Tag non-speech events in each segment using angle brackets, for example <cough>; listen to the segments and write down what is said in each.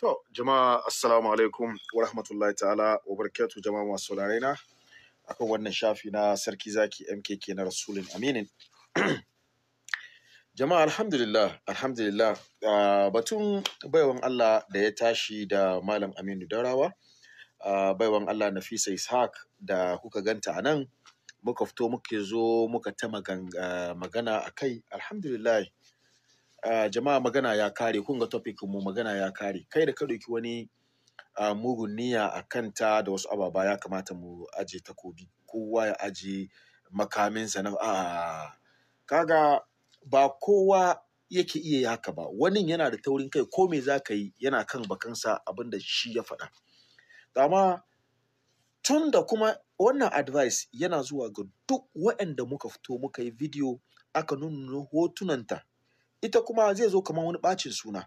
To, jama'a assalamu alaikum wa rahmatullahi ta'ala wa barakatu jama'a masu na akan wannan shafi na sarki zaki MKK na Rasulun Aminin. <clears throat> jama'a alhamdulillah, alhamdulillah uh, batun baiwan Allah da ya tashi da Malam Aminu Darawa, uh, ah, baiwan Allah Nafisa Ishaq da kuka ganta a nan, muka fito muke zo muka ta ah, magana a kai, alhamdulillah. Ah, jama'a magana ya kare kun ga topic mu magana ya kare kai da ka ɗauki wani uh, mugun niyya a kanta da wasu ababa ya kamata mu aje takobi kowa ya aje makaminsa na a kaga ba kowa yake iya haka ba wani yana da taurin kai ko me za ka yi yana kan bakansa abin da shi ya faɗa amma tun da kuma wannan advice yana zuwa ga duk waɗanda muka fito muka yi video aka nuna hotunanta ita kuma zai zo kamar wani ɓacin suna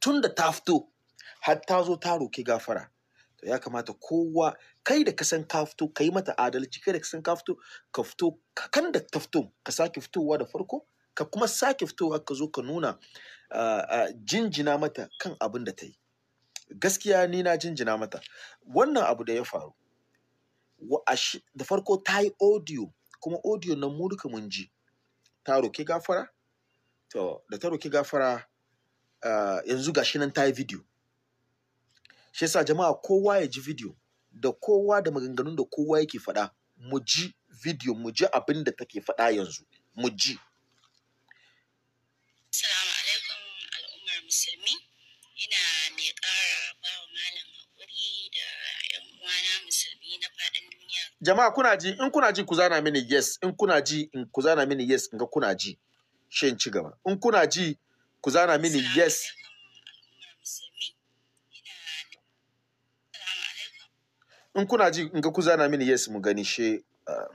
tun da ta fito har ta zo ta roke gafara to ya kamata kowa kai da ka san ka fito ka yi mata adalci kai da ka san ka fito ka fito kan da ta fito ka sake fitowa da farko ka kuma sake fitowa ka zo ka nuna jinjina mata kan abin da ta yi gaskiya ni na jinjina mata wannan abu da ya faru da farko ta yi audio kuma audio na mu duka mun ji ta roki gafara to da ta roki gafara ah, yanzu gashi nan ta yi video shi yasa jama'a kowa ya ji video da kowa da maganganun da kowa yake faɗa mu ji video mu ji abin da take faɗa yanzu mu ji Assalamu alaikum al'ummar musulmi ina mai ƙara ba wa malam haƙuri da 'yan uwana musulmi na faɗin duniya. Jama'a kuna ji in kuna ji ku zana mini yes in kuna ji in ku zana mini yes in ga kuna ji. shin ci gaba in kuna ji ku zana mini yes in kuna ji in ga ku zana mini yes mu gani she uh, ah,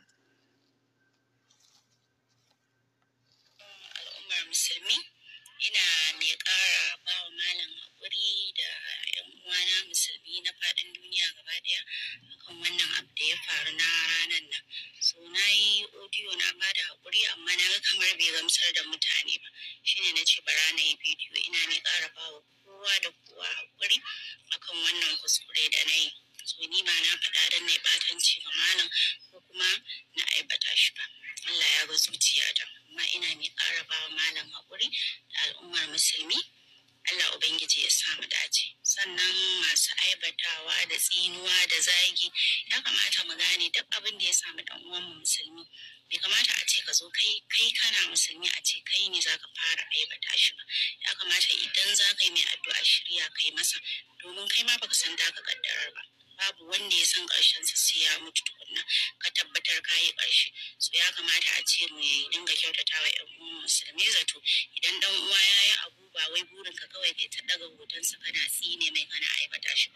ƙarshen su sai ya mutu tukunna ka tabbatar ka yi ƙarshe so ya kamata a ce mu dinga kyautata wa ƴan uwan musulmi zato idan dan uwa ya yi abu ba wai burin ka kawai bai ta daga hotonsa kana tsine mai kana aibata shi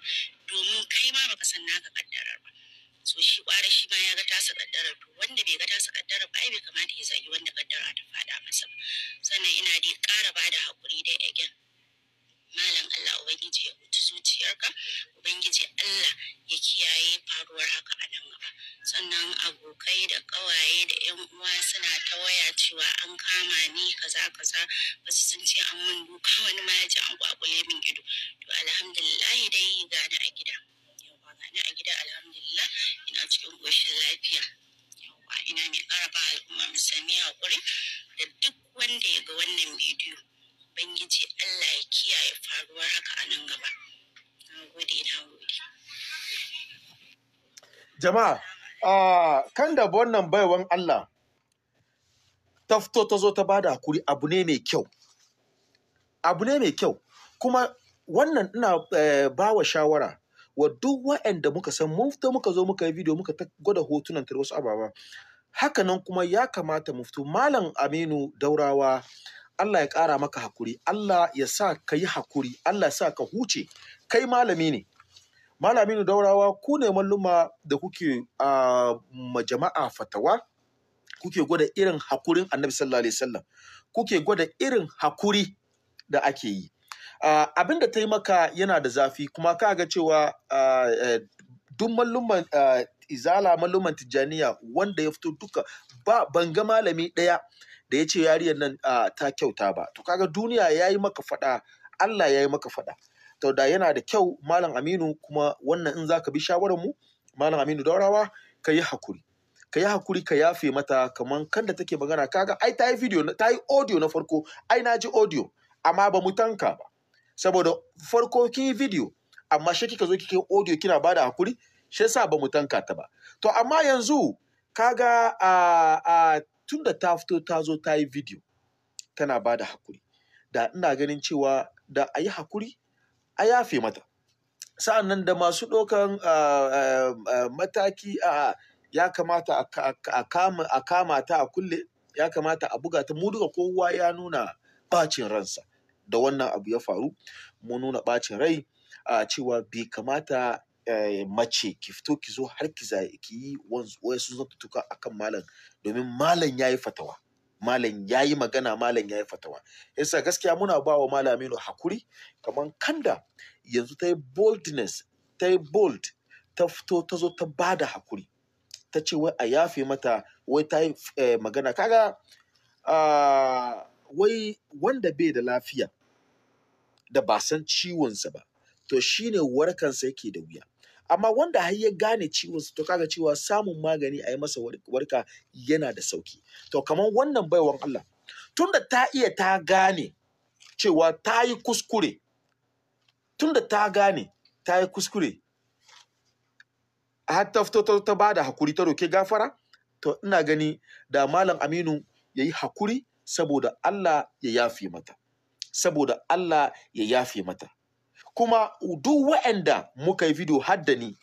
domin kai ma baka san naka kaddarar ba so shi kwara shi ma ya ga tasa kaddarar to wanda bai ga tasa kaddarar ba bai kamata ya zagi wanda kaddara ta fada masa ba sannan ina dai ƙara bada hakuri dai again malam Allah ubangiji ya mutu zuciyarka ubangiji Allah ya kiyaye faruwar haka a nan gaba sannan abokai da ƙawaye da yan uwa suna ta waya cewa an kama ni kaza kaza wasu sun ce an mun duka wani ma ya an kwakule min ido to alhamdulillah dai gani a gida yawa gani a gida alhamdulillah ina cikin koshin lafiya yawa ina mai ƙara ba al'umma musami haƙuri da duk wanda ya ga wannan bidiyo ubangiji Allah ya kiyaye faruwar haka a nan gaba na na gode jama'a a kan da wannan baiwan Allah ta fito ta zo ta bada hakuri abu ne mai kyau abu ne mai kyau kuma wannan ina eh, ba wa shawara wa duk wa'anda muka san mun fito muka zo muka yi bidiyo muka ta gwada hotunan ta wasu ababa haka nan kuma ya kamata mu fito malam Aminu Daurawa Allah ya ƙara maka hakuri Allah ya sa ka yi hakuri Allah ya sa ka huce kai malami ne malami ne daurawa ku ne malluma da kuke a majama'a fatawa kuke gwada irin hakurin annabi sallallahu alaihi wasallam kuke gwada irin hakuri da ake yi uh, abin da ta yi maka yana da zafi kuma ka ga cewa uh, duk malluman izala malluman tijjaniya wanda ya fito duka ba ban ga malami ɗaya da ya ce yariyar nan ta kyauta ba to kaga duniya ya yi maka faɗa Allah ya yi maka faɗa to da yana da kyau malam Aminu kuma wannan in zaka bi shawarar mu malam Aminu Daurawa ka yi hakuri ka yi hakuri ka yafe mata Kamar kan da take magana kaga ai ta yi video ta yi audio na farko ai na ji audio amma ba mu tanka ba saboda farko ki yi video amma shi kika zo kike audio kina bada hakuri shi yasa ba mu tanka ta ba to amma yanzu kaga a tun da ta fito ta zo ta yi video tana ba da hakuri da ina ganin cewa da a yi hakuri a yafe mata sa'an nan da masu ɗaukan ah, ah, ah, mataki ya kamata a kama ta a kulle ya kamata a buga ta mu duka kowa ya nuna bacin ransa da wannan abu ya faru mu nuna bacin rai a cewa bai kamata Eh, mace ki fito ki zo har ki yi wasu zartuka akan malam domin malam ya yi fatawa malam ya yi magana malam ya yi fatawa yasa gaskiya muna ba wa malaminu hakuri kamar kanda yanzu ta yi boldness ta yi bold ta fito ta zo ta ba da hakuri ta ce wai a yafe mata wai ta yi eh, magana kaga ah, wai wanda bai da lafiya da ba san ciwonsa ba to shine warkansa yake da wuya amma wanda har ya gane ciwon su to kaga cewa samun magani a yi masa warka yana da sauki to kamar wannan baiwan Allah tunda ta iya ta gane cewa ta yi kuskure tunda ta gane ta yi kuskure a ta fito ta ba da hakuri ta roke gafara to ina gani da malam Aminu ya yi hakuri saboda Allah ya yafe mata saboda Allah ya yafe mata kuma duk wa'anda muka yi video har da ni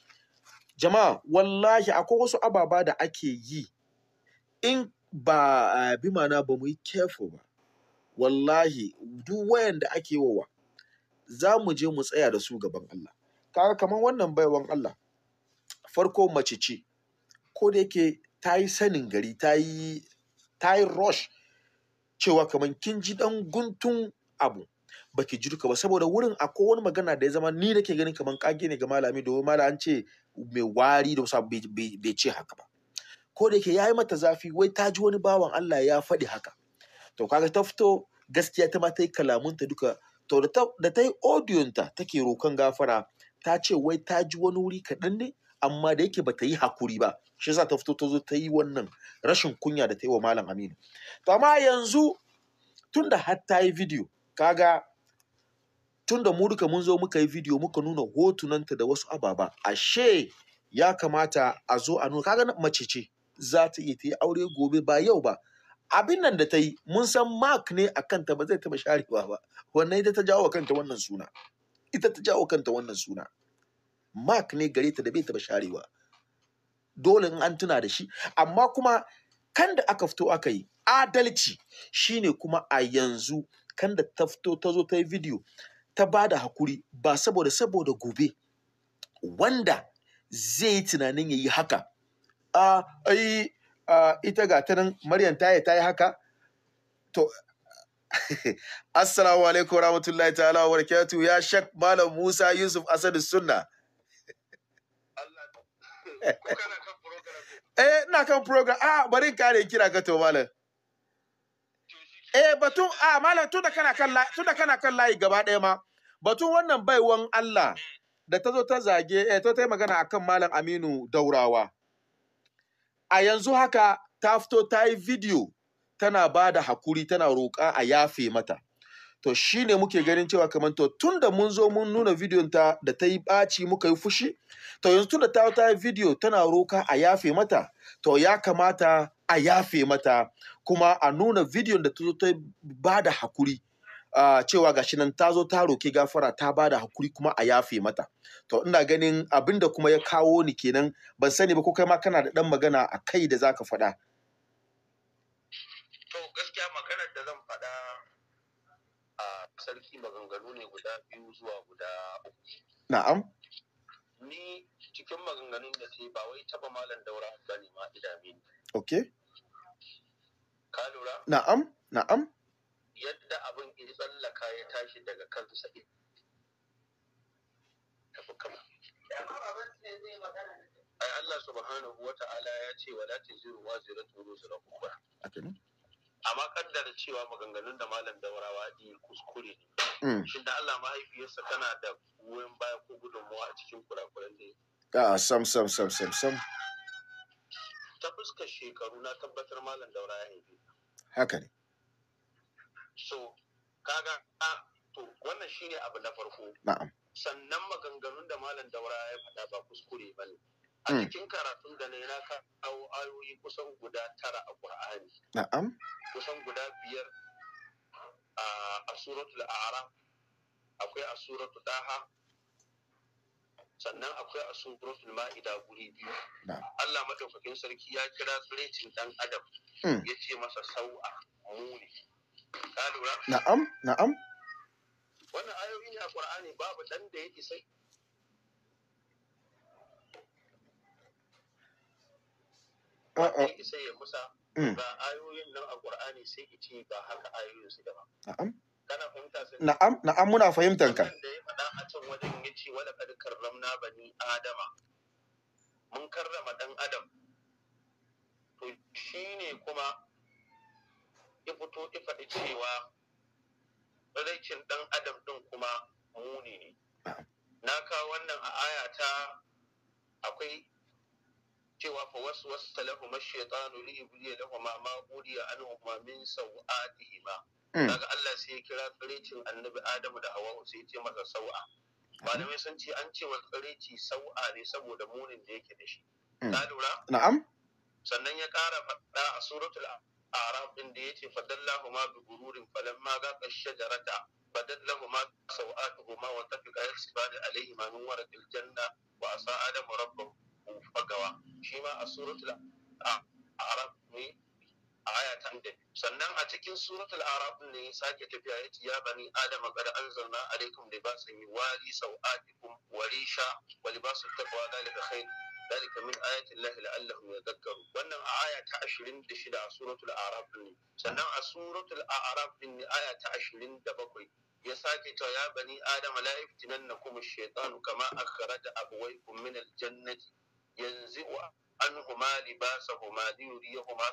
jama'a wallahi akwai wasu ababa da ake yi in ba eh, bi mana ba mu yi careful ba wallahi duk wayanda ake wa za mu je mu tsaya da su gaban Allah kaga kamar wannan baiwan Allah farko mace ce ko da yake ta yi sanin gari ta yi ta yi rush cewa kamar kin ji dan guntun abu baki ji duka ba saboda wurin akwai wani magana da ya zama ni nake ganin kamar kage ne ga malami domin malam ce mai wari da wasu bai ce haka ba ko da yake yayi mata zafi wai ta ji wani bawan Allah ya faɗi haka to kaga ta fito gaskiya ta ma ta yi kalamunta duka to da ta yi odiyonta take rokan gafara ta ce wai ta ji wani wuri kaɗan ne amma da yake ta yi hakuri ba shi yasa ta fito ta zo ta yi wannan rashin kunya da ta yi wa malam aminu to amma yanzu tunda har ta yi video kaga tunda mu duka mun zo muka yi video muka nuna hotunanta da wasu ababa ashe ya kamata a zo a nuna kaga mace ce za ta iya ta yi aure gobe ba yau ba abin nan da ta yi mun san mark ne a kanta ba zai taba sharewa ba wannan ita ta jawo kanta wannan suna ita ta jawo kanta wannan suna mark ne gare ta da bai taba sharewa dole in an tuna da shi amma kuma kan da aka fito aka yi adalci shine kuma a yanzu kan da ta fito ta zo ta yi video ta ba da hakuri ba saboda saboda gobe wanda zai yi tunanin ya yi haka a ai ita ga ta nan maryam taya ta yi haka to <laughs> assalamu alaikum warahmatullahi ta'ala wa barakatuh ya shak malam musa yusuf asadu sunna <laughs> eh na kan program ah bari kare kira ka to malam eh batun a ah, malam tunda kana kan layi tunda kana kan layi gaba ɗaya ma batun wannan baiwan Allah mm. da ta zo ta zage eh ta yi magana akan malam Aminu Daurawa a yanzu haka ta fito ta yi video tana ba da hakuri tana roƙa a yafe mata to shine muke ganin cewa kamar to tun da mun zo mun nuna bidiyon ta da ta yi ɓaci muka yi fushi to yanzu tun da ta ta bidiyo tana roka a yafe mata to ya kamata a yafe mata kuma a nuna bidiyon da ta zo ta ba da hakuri uh, cewa gashi nan ta zo ta roki gafara ta bada hakuri kuma a yafe mata to ina ganin abin da kuma ya kawo ni kenan ban sani ba ko kai ma kana da dan magana a kai da zaka faɗa to gaskiya maganar da zan faɗa a sarki maganganu ne guda biyu zuwa guda uku na'am ni cikin maganganun da sai ba wai taba malam daura ba ne ma idame ne okay ka lura na'am na'am yadda abin ya tsallaka ya tashi daga kan sa'id tafi ai Allah subhanahu wa ta'ala ya ce wa wa ziru turu wuzra ukhra amma kaddara cewa maganganun da malam daurawa di kuskure ne mm. da Allah mahaifiyarsa tana da goyon baya ko gudunmawa a cikin kurakuran ne a sam sam sam sam sam ta fuskar shekaru na tabbatar malam daura ya haife haka ne so kaga ah, to wannan shine abu na farko sannan maganganun da malam daura ya faɗa ba kuskure ba ne a hmm. cikin karatun da na ka kawo ayoyi kusan guda tara a qur'ani na'am kusan guda biyar a suratul a'raf akwai a daha sannan akwai a suratul ma'ida guri biyu Allah madaukakin sarki ya kira tsirecin dan adam hmm. ya ce masa sau'a muni Ka lura? Na'am, na'am. Wannan ayoyi ne a Qur'ani babu dan da ya isa uh-uh. wanda sai ya musa ba mm. ayoyin nan a Qur'ani sai ki ce ba haka ayoyin su gaba. Na'am. Kana fahimta sai Na'am, na'am muna fahimtar ka. da ya faɗa a can wajen yace wala kad karramna bani adama. Mun karrama dan Adam. To shine kuma ya fito ya faɗi cewa raicin ɗan adam ɗin kuma muni ne na kawo wannan a aya ta akwai cewa fa wasu wasu talahu mashaitanu li da kuma ma ma a anhu ma min sau'atihima daga hmm. Allah sai ya kira tsiricin annabi Adamu da Hawwa sai ya ce masa sau'a malamai sun ce an ce wa sau'a ne saboda munin da yake da shi hmm. ka lura na'am sannan ya kara faɗa a suratul arab din da yace fadallahu ma bi gururin falamma ga shajarata fadallahuma sawatuhuma wa tafiqa yasbani ma min warqil janna wa asa adamu rabbahu fagawa shi ma a suratul arab ne aya ta da sannan a cikin suratul arab ne sake tafiya ya ce ya bani adam qad anzalna alaikum libasan yuwari sawatikum wa risha wa libasul taqwa dhalika khair ذلك من آيات الله لعلهم يذكرون وأن آية عشرين دشدة سورة الأعراف سنة سورة الأعراف آية عشرين دبقوي ya sake cewa ya bani adam la yaftinannakum ash-shaytan kama akhraja abawaykum min al-jannati yanzi'u anhuma libasahuma liyuriyahuma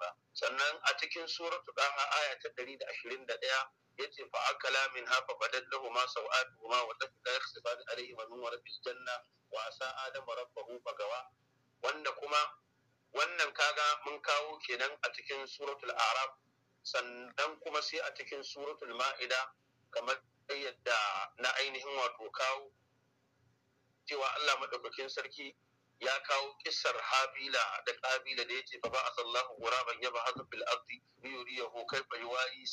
ba. sannan a cikin suratu daha aya ta ɗaya. yace fa akala min hafa badal lahuma sawatuhuma wa tafika yakhsifan alayhi min warfil janna wa asa adam rabbahu bagawa wanda kuma wannan kaga mun kawo kenan a cikin suratul arab sannan kuma sai a cikin suratul ma'ida kamar yadda na ainihin wato kawo cewa Allah madaukakin sarki ya kawo kisar habila da kabila da ya ce ba a asallahu ghuraban yabhathu fil ardi yuriyahu kayfa yuwari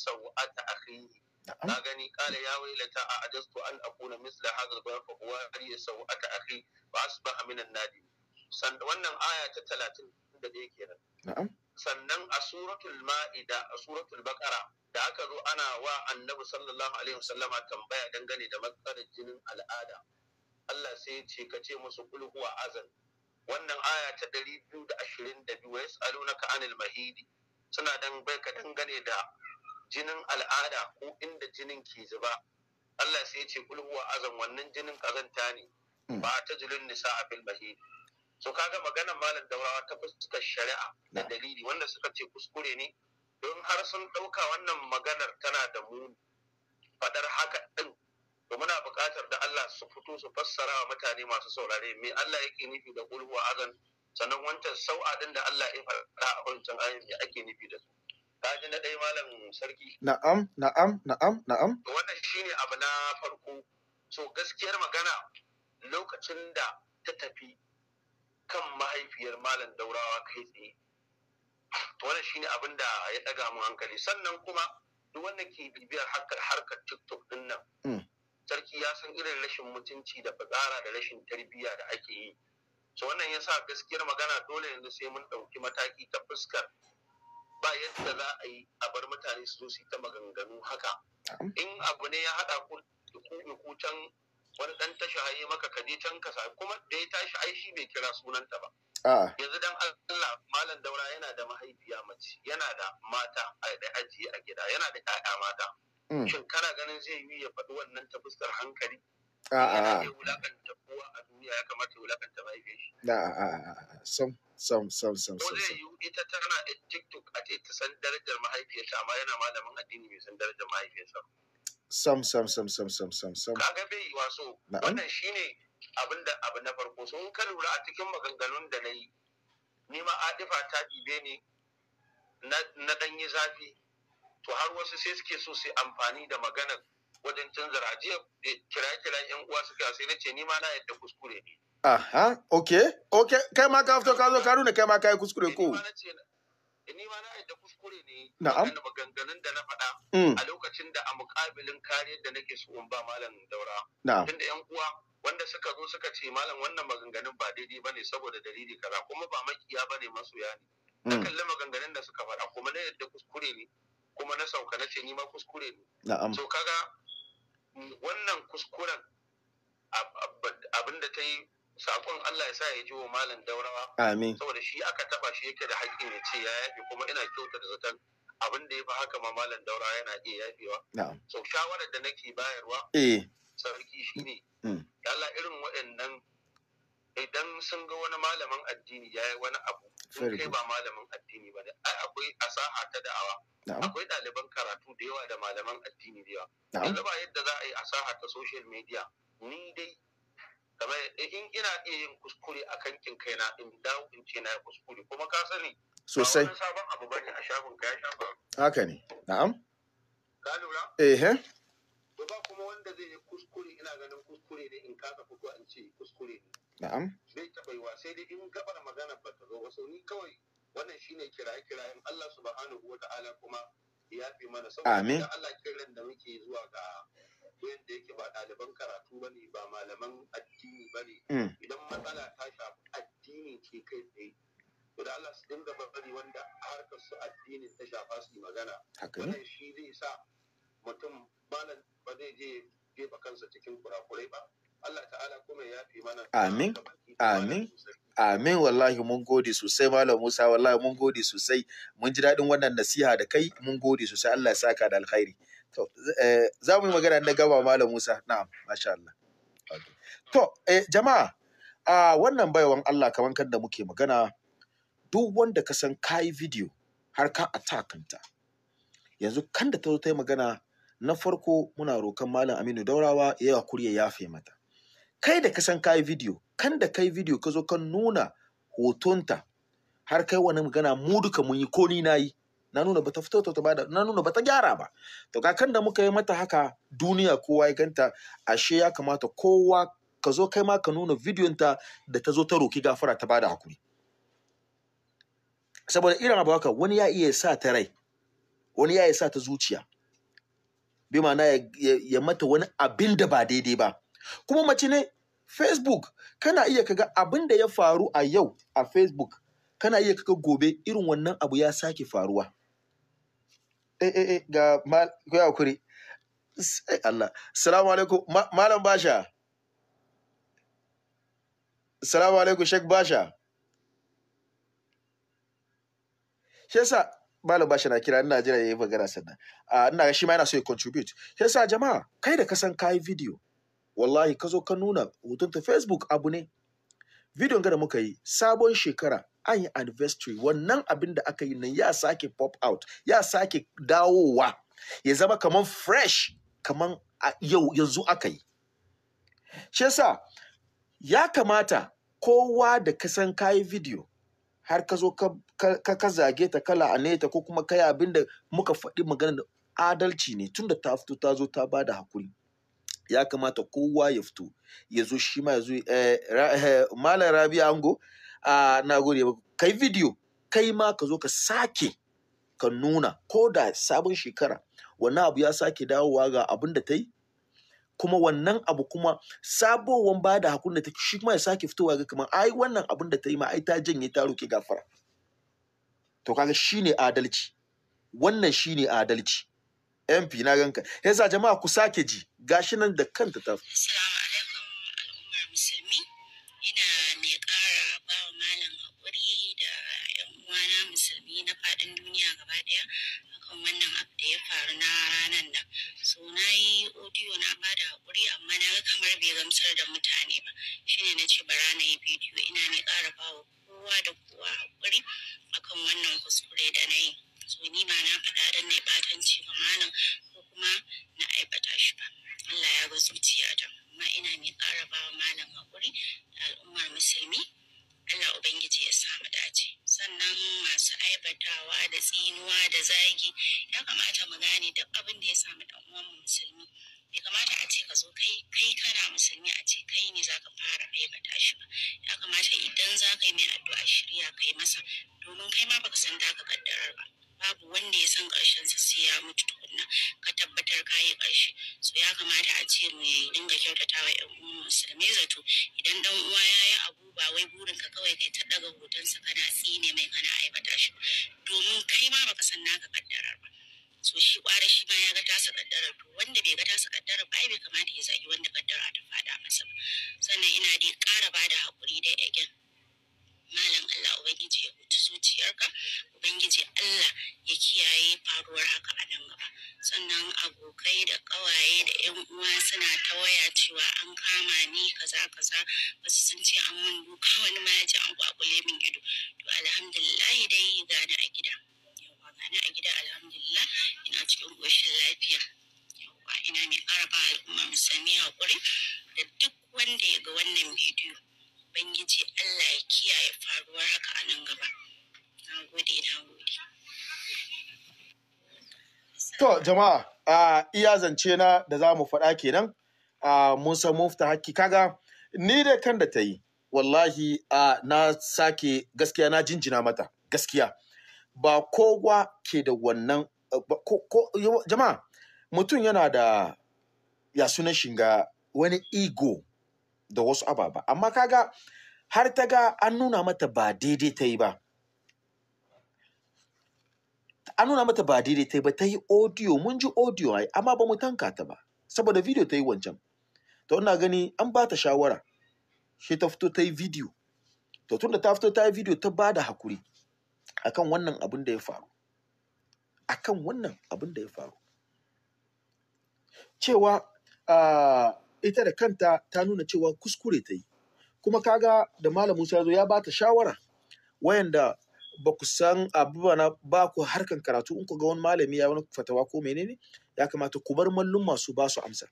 ta akhihi na gani kala ya wailata a ajastu an akuna misla hadha al-ghurab fa huwari sawata akhi fa asbaha min an-nadim wannan aya ta 31 kenan na'am sannan a suratul ma'ida a suratul baqara da aka zo ana wa annabi sallallahu alaihi wasallama tambaya dangane da matsalar jinin al'ada Allah sai ya ce ka ce musu kul huwa azan wannan aya ta ɗari biyu da ashirin da biyu tsaro na anil mahidi suna dan bai ka dangane da jinin al'ada ko inda jinin ke zuba Allah sai ya ce kulhuwa azan wannan jinin kazanta ne hmm. ba ta julin nisa a fil mahidi so ga maganar malam daurawa ta fuskar shari'a da dalili wanda suka ce kuskure ne don har sun ɗauka wannan maganar tana da muni faɗar haka ɗin to muna buƙatar da Allah su fito su fassara wa mutane masu saurare me Allah yake nufi da kulhu azan sannan wancan sau'a din da Allah ya fara a wancan ayin me ake nufi da su kaji na ɗaya malam sarki na'am na'am na'am na'am wannan shine abu na farko so gaskiyar magana lokacin da ta tafi kan mahaifiyar malam daurawa kai tsaye wannan shine abin da ya ɗaga mu hankali sannan kuma duk wanda ke bibiyar harkar harkar tiktok din nan mm. sarki ya san irin rashin mutunci da fitsara da rashin tarbiyya da ake yi so wannan ya sa gaskiyar magana dole yanzu sai mun ɗauki mataki ta fuskar ba yadda za a yi a bar mutane su zo su ta maganganu haka in abu ne ya haɗa ku ku can wani ɗan tashi haye maka ka je can ka sa kuma da ya tashi ai shi bai kira sunanta ba yanzu dan Allah malam daura yana da mahaifiya mace yana da mata a ajiye a gida yana da ƴaƴa mata Mm. shin kana ganin zai yi ya faɗi wannan ta fuskar hankali a'a wulakanta kowa a duniya ya kamata ya wulakanta mahaifiyar shi a'a sam sam sam sam sam zai yi ita tana tiktok a ce ta san darajar mahaifiyarta amma yana malamin addini mai san darajar mahaifiyarsa sam sam sam sam sam sam sam kaga bai yi waso wannan ne abin da abu na farko sun ka lura a cikin maganganun da na yi ni ma adifa ta ɗibe ne na ɗan yi zafi to har wasu sai suke so su amfani da maganar wajen canza rajiya kira-kira yan uwa suka sai na ce ni ma na yadda kuskure ne. Aha, ok, ok, kai ma ka fito ka zo ka nuna kai ma ka yi kuskure eh, ko. Eh, ni ma na yadda kuskure ne. Na'am. maganganun da na faɗa. Mm. A lokacin da a muƙabilin kariyar da nake so in ba malam daura. Na'am. Tunda yan uwa wanda suka zo suka ce malam wannan maganganun ba daidai ba ne saboda dalili kaza kuma ba makiya ba ne masoya ne. Na mm. kalli maganganun da suka faɗa kuma na yadda kuskure ne. kuma na sauka na ce ni ma kuskure ne na'am so kaga wannan kuskuren abinda da ta yi sakon Allah ya sa ya ji wa malam daurawa amin saboda shi aka taba shi yake da haƙƙi ya ce ya yafi kuma ina kyauta da zaton abin da ya fi haka ma malam daurawa yana iya yafewa so shawarar da nake bayarwa eh sarki ne, mm. Allah irin waɗannan idan sun ga wani malamin addini ya yi wani abu sun kai ba malamin addini ba ne akwai akwai asaha ta da'awa akwai ɗaliban karatu da yawa da malaman addini da yawa yanzu ba yadda za a yi asaha ta social media ni dai kamar in ina iya yin kuskure a kankin kaina in dawo in ce na yi kuskure kuma ka sani sosai ba sabon abu bane a shafin ka ya shafa haka ne na'am ka lura eh ba kuma wanda zai yi kuskure ina ganin kuskure ne in kasa fito an ce kuskure ne Na'am. Bai taɓa yiwa sai dai in gabar magana ba ta zo ba sau ni kawai wannan shine kiraye kirayen Allah subhanahu wa ta'ala kuma ya fi mana saboda Allah kiran da muke zuwa ga yadda yake ba ɗaliban karatu ba ne ba malaman addini ba ne mm. idan matsala ta shafi addini ce kai tsaye to da Allah su dinga bari wanda harkar su addini ta shafa su magana wannan shi zai sa mutum malam ba zai je jefa kansa cikin kurakurai ba amin amin Amin wallahi mun gode sosai Malam Musa wallahi mun gode sosai mun ji daɗin wannan nasiha da kai mun gode sosai Allah ya saka da alkhairi. To eh, za mu yi magana na gaba Malam Musa na'am masha Allah. To eh, jama'a a wannan baiwan Allah kamar kan da muke magana duk wanda ka san kayi video har ka atakanta yanzu kan da ta zo ta yi magana na farko muna rokan Malam Aminu Daurawa ya yi ya yafe mata. kai da kasan kayi video kan da kai video ka zo ka nuna hotonta har kai wani magana mu duka mun yi ko ni na yi na nuna bata fito ta bada na nuna bata gyara ba to ga kan da muka yi mata haka duniya kowa ya ganta ashe ya kamata kowa ka zo kai ma ka nuna ta da ta zo ta roki gafara ta bada hakuri saboda irin abu haka wani ya iya sa ta rai wani ya iya sa ta zuciya bi ma'ana ya, mata wani abin da ba daidai ba kuma mace ne facebook kana iya kaga abin da ya faru a yau a facebook kana iya kaga gobe irin wannan abu ya sake faruwa eh eh eh ga mal ko kuri sai Allah assalamu alaikum malam basha assalamu alaikum sheikh basha shi yasa malam Basha na kira ina jira yayi magana sannan ah, ina ga shi ma yana so ya contribute shi yasa jama'a kai da ka san kai video wallahi ka zo ka nuna hotonta facebook abu ne bidiyon da muka yi sabon shekara an yi anniversary wannan abin da aka yi nan ya sake pop out ya sake dawowa ya zama kaman fresh kaman yau yanzu aka yi shi yasa ya kamata kowa da ka san kayi video har ka zo ka, ka, zage ta kala a neta ko kuma kai abin da muka faɗi maganar adalci ne tunda ta fito ta zo ta bada hakuri ya kamata kowa ya fito ya zo shi ma ya zo eh, eh, malam rabi ango a na gode kai video kai ma ka zo ka sake ka nuna ko da sabon shekara wannan abu ya sake dawowa ga abin da ta yi kuma wannan abu kuma sabowan ba da hakun da ta shi kuma ya sake fitowa ga kamar ai wannan abin da ta yi ma ai ta janye ta roke gafara to kaga shine adalci wannan shine adalci MP na ganka yasa jama'a ku sake ji gashi nan da kanta ta Assalamu alaikum al'ummar musulmi ina mai ƙara ba wa malam haƙuri da ƴan uwana musulmi na faɗin duniya gaba ɗaya akan wannan abu da ya faru na ranar nan so na yi audio na ba da haƙuri amma na ga kamar bai gamsar da mutane ba shine na ce bara na yi bidiyo ina mai ƙara ba wa kowa da kowa haƙuri akan wannan kuskure da na yi. So ni ba na faɗa dan na batanci ga malam ko kuma na aibata shi ba Allah ya ga zuciya da amma ina mai ƙara bawa malam hakuri da al'ummar musulmi Allah Ubangiji ya samu dace sannan masu aibatawa da tsinuwa da zagi ya kamata mu gane duk abin da ya samu dan jama'a a iya zance na da za mu faɗa kenan a musa mufta haƙƙi kaga ni da kan da ta yi wallahi a na sake gaskiya na jinjina mata gaskiya ba kowa ke da wannan jama'a mutum yana da ya sunan shiga wani ego da wasu ababa amma kaga har ta ga an nuna mata ba daidai ta yi ba an nuna mata ba daidai ta yi ba ta yi audio mun ji audio ai amma ba mu tanka ta ba saboda video ta yi wancan to ina gani an ba ta shawara shi ta fito ta yi video to tunda ta fito ta yi video ta ba da hakuri akan wannan abin da ya faru akan wannan abin da ya faru cewa uh, ita da kanta ta nuna cewa kuskure ta yi kuma kaga da malam Musa ya zo ya bata shawara wayanda ba ku san abu ba ku harkan karatu in ku ga wani malami ya wani fatawa ko menene ya kamata ku bar mallumma su ba su amsa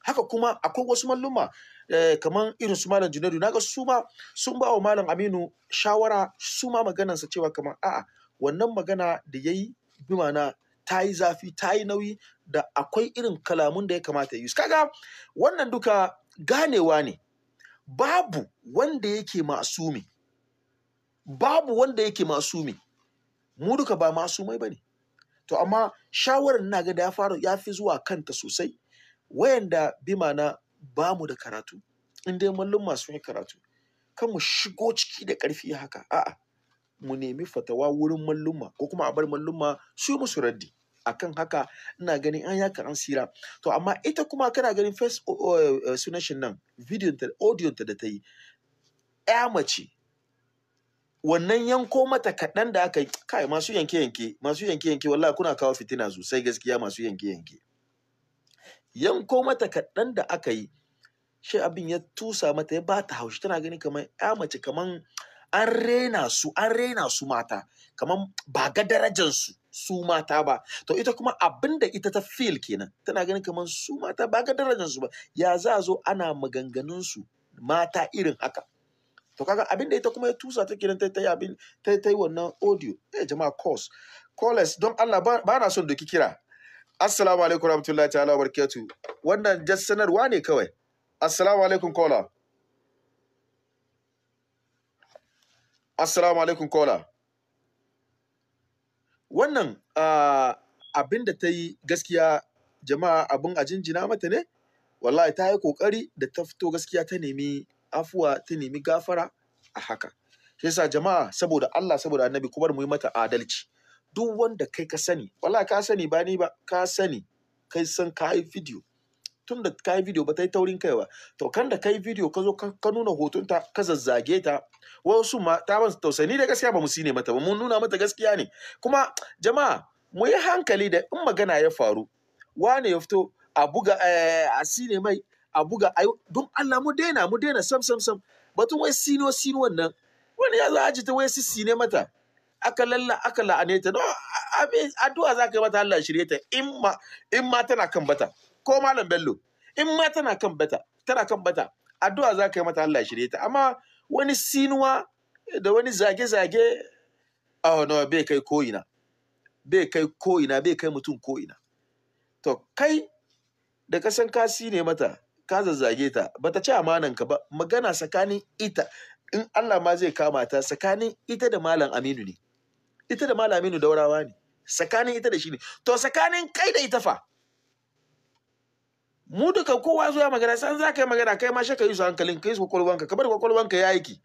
haka kuma akwai wasu mallumma eh, kamar irin su malam junaidu naga su ma sun ba wa malam aminu shawara su ma sa cewa kamar a'a wannan magana da yayi yi bi mana ta yi zafi ta yi nauyi da akwai irin kalamun da ya kamata ya yi kaga wannan duka ganewa ne babu wanda yake masumi babu wanda yake masumi mu duka ba masumai bane to amma shawarar na ga da ya fara ya fi zuwa kanta sosai wayanda bi mana ba mu da karatu in dai mallum masu yi karatu kan mu shigo ciki da karfi haka a'a mu nemi fatawa wurin mallumma ko kuma a bar mallumma su musu raddi akan haka ina ganin an yaka an sira to amma ita kuma kana ganin face eh, eh, sunan shin nan video ta audio ta da ta yi ya mace wannan yanko mata kaɗan da aka yi kai masu yanke yanke masu yanke yanke wallahi kuna kawo fitina sosai gaskiya masu yanke yanke yanko mata kaɗan da aka yi shi abin ya tusa mata ya bata haushi tana gani kamar ya mace kamar an rena su an rena su mata kamar ba ga darajar su su mata ba to ita kuma abin da ita ta feel kenan tana gani kamar su mata ba ga darajar su ba ya za zo ana maganganun su mata irin haka to kaga abin da ita kuma ya tusa ta kiran ta yi abin ta yi wannan audio eh jama'a course callers don Allah ba na son doki kira assalamu alaikum rahmatullahi ta'ala barkatu wannan just sanarwa ne kawai assalamu alaikum caller assalamu alaikum caller wannan ah, abin da ta yi gaskiya jama'a abin a jinjina mata ne wallahi ta yi kokari da ta fito gaskiya ta nemi afuwa ta nemi gafara a haka shi yasa jama'a saboda Allah saboda annabi kuma mu yi mata adalci duk wanda kai ka sani wallahi ka sani ba ni ba ka sani kai san ka yi video tun da ka yi video ba ta yi taurin kai ba to kan da ka yi video ka zo ka nuna ta ka zazzage ta wasu ma ta ban tausani da gaskiya ba mu sine mata ba mun nuna mata gaskiya ne kuma jama'a mu yi hankali da in magana ya faru wane ya fito a buga eh, a sine mai a buga don Allah mu daina mu daina sam sam sam batun wai sino sino wannan wani ya za a ji ta wai su sine mata aka lalla aka la'ane ta no addu'a za ka yi mata Allah shirye ta in ma in ma tana kan bata ko malam bello in ma tana kan bata tana kan bata addu'a za ka yi mata Allah shirye ta amma wani sinuwa da wani zage zage oh no bai kai ko'ina bai kai ko'ina bai kai mutum ko'ina to kai da kasan kasi ne mata ka zazzage ta bata ci amananka ba magana tsakanin ita in Allah ma zai kama ta tsakanin ita da malam Aminu ne ita da malam Aminu daurawa ne tsakanin ita da shi ne to tsakanin kai da ita fa mu duka kowa zuwa magana san za ka yi magana kai ma shaka yi su hankalin kai su kwakwalwanka kamar kwakwalwanka ya aiki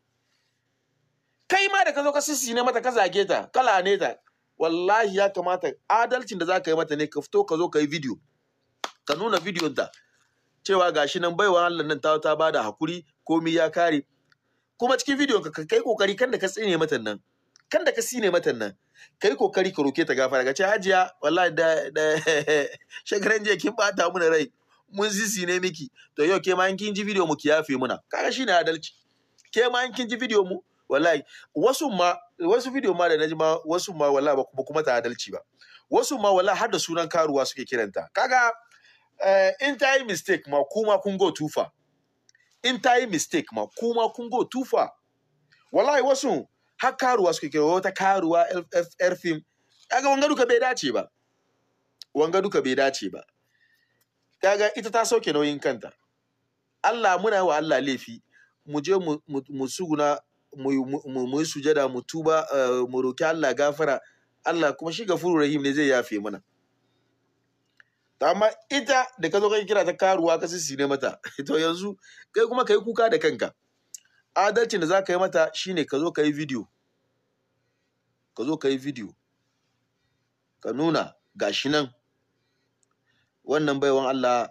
kai ma da ka zo ka sisi ne mata ka zage ta kala ne ta wallahi ya kamata adalcin da za ka yi mata ne ka fito ka zo ka yi video ka nuna bidiyon ta cewa gashi nan baiwa Allah nan ta ta bada hakuri komi ya kare kuma cikin bidiyon ka kai kokari kan da ka tsine mata nan kan da ka sine mata nan kai kokari ka roke ta gafara ka ce hajiya wallahi da, <laughs> shagaran je kin bata mana rai mun sisi ne miki to yau ke ma in kin ji bidiyo mu ki yafe muna kaga shine adalci ke ma in kin ji bidiyo mu wallahi wasu ma wasu bidiyo ma da naji ma wasu ma wallahi ba kuma ta adalci ba wasu ma wallahi har da sunan karuwa suke kiranta kaga Eh, in ta yi mistake ma kuma kun go tufa in ta yi mistake ma kuma kun go tufa wallahi wasu har karuwa suke kira wata karuwa yar fim kaga wanga duka bai dace ba wanga duka bai dace ba kaga ita ta sauke nauyin kanta Allah muna wa Allah laifi mu je mu suguna mu yi sujada mu tuba eh, mu roki Allah gafara Allah kuma shi gafuru rahim ne zai yafe mana amma ita da ka zo kai kira ta karuwa ka sisi ne mata <laughs> to yanzu kai kuma kai kuka da kanka adalcin da za ka yi mata shine ka zo ka yi video ka zo ka yi video ka nuna gashi nan wannan baiwan Allah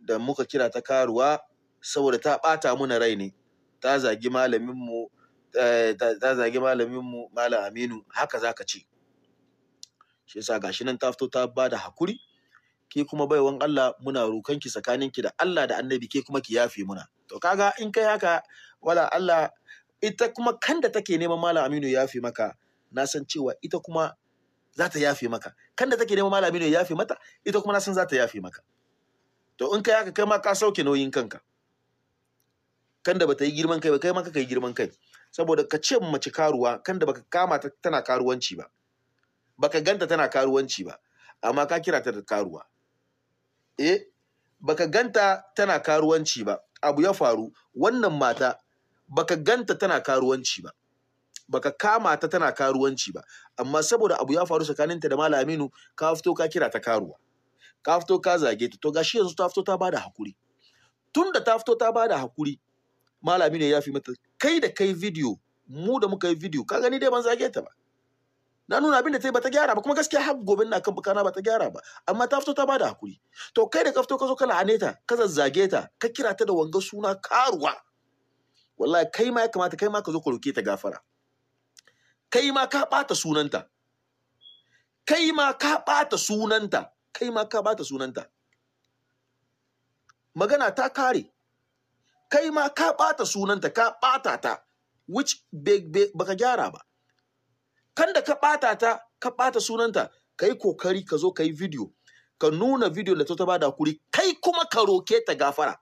da muka kira ta karuwa saboda ta ɓata muna rai ne ta zagi malaminmu eh, ta zagi malaminmu malam aminu haka za ka ce shi yasa gashi nan ta fito ta bada da hakuri ke kuma baiwan Allah muna rokanki tsakaninki da Allah da annabi ke kuma ki yafe muna to kaga in kai haka wala Allah ita kuma kan da take neman malam Aminu ya yafe maka na san cewa ita kuma za ta yafe maka Kan da take neman malam Aminu ya yafe mata ita kuma na san za ta yafe maka to in kai haka kai ma ka sauke nauyin kanka Kan da bata yi girman kai ba kai ma ka kai girman kai saboda ka ce mace karuwa kan da baka kama ta tana karuwanci ba baka ganta tana karuwanci ba amma ka kira ta da karuwa eh baka ganta tana karuwanci ba abu ya faru wannan mata baka ganta tana karuwanci ba baka kama ta tana karuwanci ba amma saboda abu ya faru tsakaninta da Aminu ka fito ka kira ta karuwa ka fito ka zage ta to gashi yanzu ta fito ta bada hakuri tunda ta fito ta bada hakuri malami Aminu ya fi mata kai da kai video mu da muka yi video ka gani dai ban zage ta ba na nuna abin da ta yi ba ta gyara ba kuma gaskiya har gobe na kan bukana ba ta gyara ba amma ta fito ta bada hakuri to kai da ka fito ka zo ka la'ane ta ka zazzage ta ka kira ta da wanga suna karuwa wallahi kai ma ya kamata kai ma ka zo ka roke ta gafara kai ma ka bata sunanta kai ma ka bata sunanta kai ma ka bata sunanta magana ta kare kai ma ka bata sunanta ka bata ta which baka gyara ba kan da ka ɓata ta ka ɓata sunanta ka yi kokari ka zo ka yi video ka nuna video da ta ba da kuri kai kuma ka roke ta gafara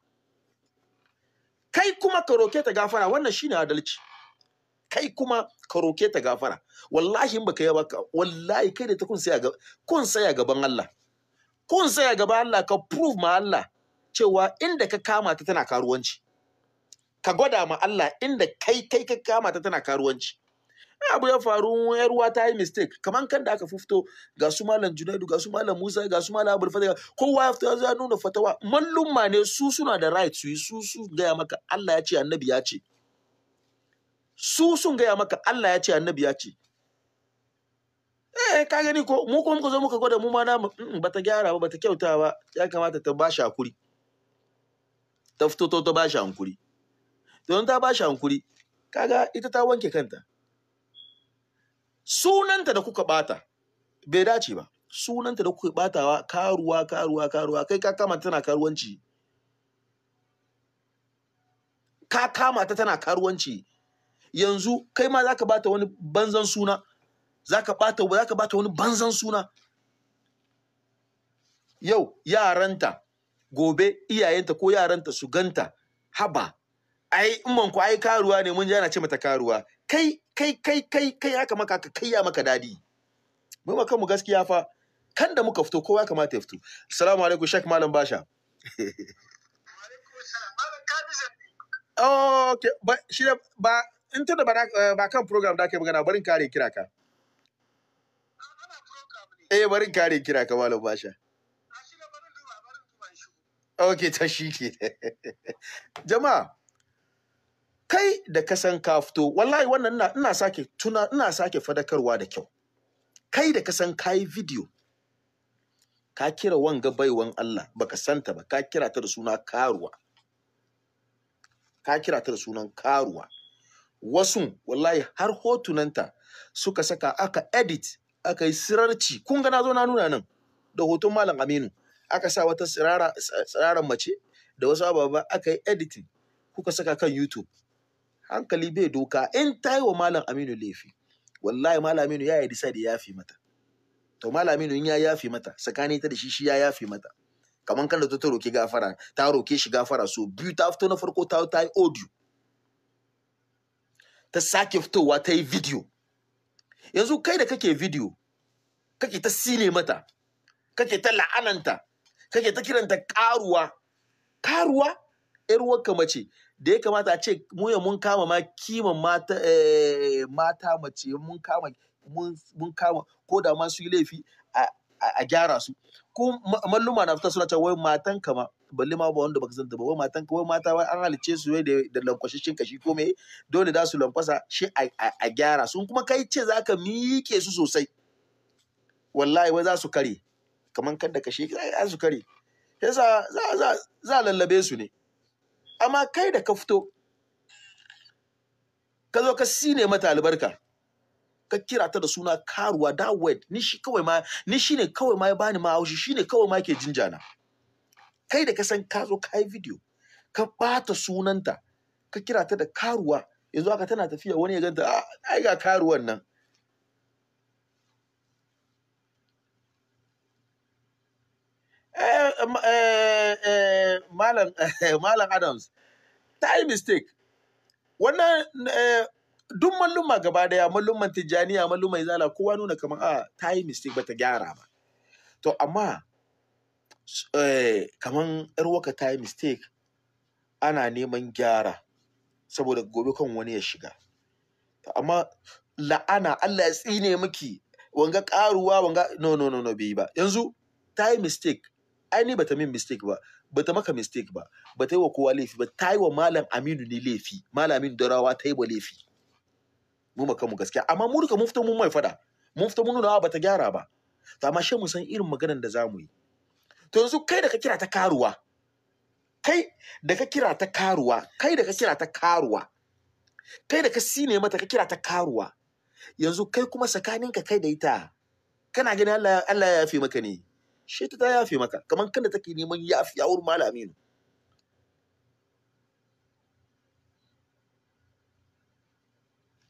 kai kuma ka roke ta gafara wannan shine adalci kai kuma ka roke ta gafara wallahi in baka yi baka wallahi kai da ta kun saya kun saya gaban Allah kun saya gaban Allah ka prove ma Allah cewa inda ka kama ta tana karuwanci ka gwada ma Allah inda kai kai ka kama ta tana karuwanci abu ya faru yar ruwa ta yi mistake kaman kan da aka fito ga su malam Junaidu ga su malam Musa ga su malam Abdul Fatah kowa ya fito ya nuna fatawa mallumma ne su suna da right su yi su su gaya maka Allah ya ce annabi ya ce su sun gaya maka Allah ya ce annabi ya ce eh ka gani ko mu ko muka zo muka gwada mu ma na ta gyara ba ba ta kyauta ba ya kamata ta bashi hakuri ta fito ta bashi hankuri don ta bashi hankuri kaga ita ta wanke kanta sunanta da kuka bata bai dace ba sunanta da kuka ɓatawa, karuwa karuwa karuwa kai ka kama tana karuwanci ka kama ta tana karuwanci yanzu kai ma zaka bata wani banzan suna zaka bata zaka bata wani banzan suna yau yaranta gobe iyayenta ko yaranta su ganta haba ai in ku ai karuwa ne mun ji ana ce mata karuwa kai kai kai kai kai ya maka ka kai ya maka dadi mu maka mu gaskiya fa kan da muka fito kowa ya kamata ya fito assalamu alaikum shek malam basha <laughs> Okay, ba shi ba in tunda ba ba kan program da kai magana barin kare kira ka. Eh barin kare kira ka malam basha. Ok, ta shi ke. <laughs> Jama'a, kai da kasan ka fito wallahi wannan ina ina sake tuna ina sake fadakarwa da kyau kai da kasan kai video ka kira wanga baiwan Allah baka santa ba ka kira ta da suna karuwa ka kira ta da sunan karuwa wasu wallahi har hotunanta suka saka aka edit aka yi sirarci kun ga na zo na nuna nan da hoton malam Aminu aka sa wata tsirara mace da wasu ababa aka yi editing kuka saka kan YouTube hankali bai doka in ta yi wa malam aminu laifi wallahi malam aminu ya yi da ya fi mata to malam aminu in ya yafi mata tsakanin ta da shi shi ya yafi mata kamar kan da ta roke gafara ta roke shi gafara so biyu ta fito na farko ta ta yi audio ta sake fitowa ta yi video yanzu kai da kake video kake ta sile mata kake ta la'ananta kake ta kiranta karuwa karuwa yar uwarka mace da ya kamata a ce mu ya mun kama ma kiman mata eh, mata mace mun kama mun kama ko da ma su yi laifi a gyara su ko malluma na fita suna cewa wai matan kama balle ma ba wanda baka santa ba wai matan wai mata wai an halice su wai da lankwashashin kashi ko me dole da su lankwasa shi a gyara su kuma kai ce zaka miƙe su sosai wallahi wai za su kare kamar kan da kashi za su kare yasa za za lallabe su ne amma kai da ka fito ka zo ka sine mata albarka ka kira ta da suna karuwa dawed ni shi kawai ma ni shine kawai ma ya bani ma haushi shine kawai ma ke jinjana kai da ka san ka zo ka yi video ka bata sunanta ka kira ta da karuwa yanzu haka tana tafiya wani ya ganta ah, ai ga karuwan nan Eh, eh, <laughs> malam Adams ta yi mistake. Wannan eh, duk malluma gaba daya malluman tijjaniya malluman izala kowa nuna kamar a ah, ta yi mistake bata gyara ba. To amma kamar yarwaka waka ta yi mistake ana neman gyara saboda gobe kan wani ya shiga. Amma la'ana Allah ya tsine miki wanga karuwa wanga no no no no bai ba yanzu ta yi mistake ai ni bata min mistake ba bata maka mistake ba bata yi wa kowa laifi ba ta yi wa malam aminu ne laifi malam aminu darawa ta yi wa laifi mu ma kanmu gaskiya amma mu duka mun fito mun mai fada mun fito mun nuna bata gyara ba to amma mu san irin maganar da zamu yi to yanzu kai da ka kira ta karuwa kai da ka kira ta karuwa kai da ka kira ta karuwa kai da ka sine mata ka kira ta karuwa yanzu kai kuma tsakaninka kai da ita kana ganin Allah Allah ya yafe maka ne shi ta ta yafe maka kamar kanda take neman yafiya wurin malami ne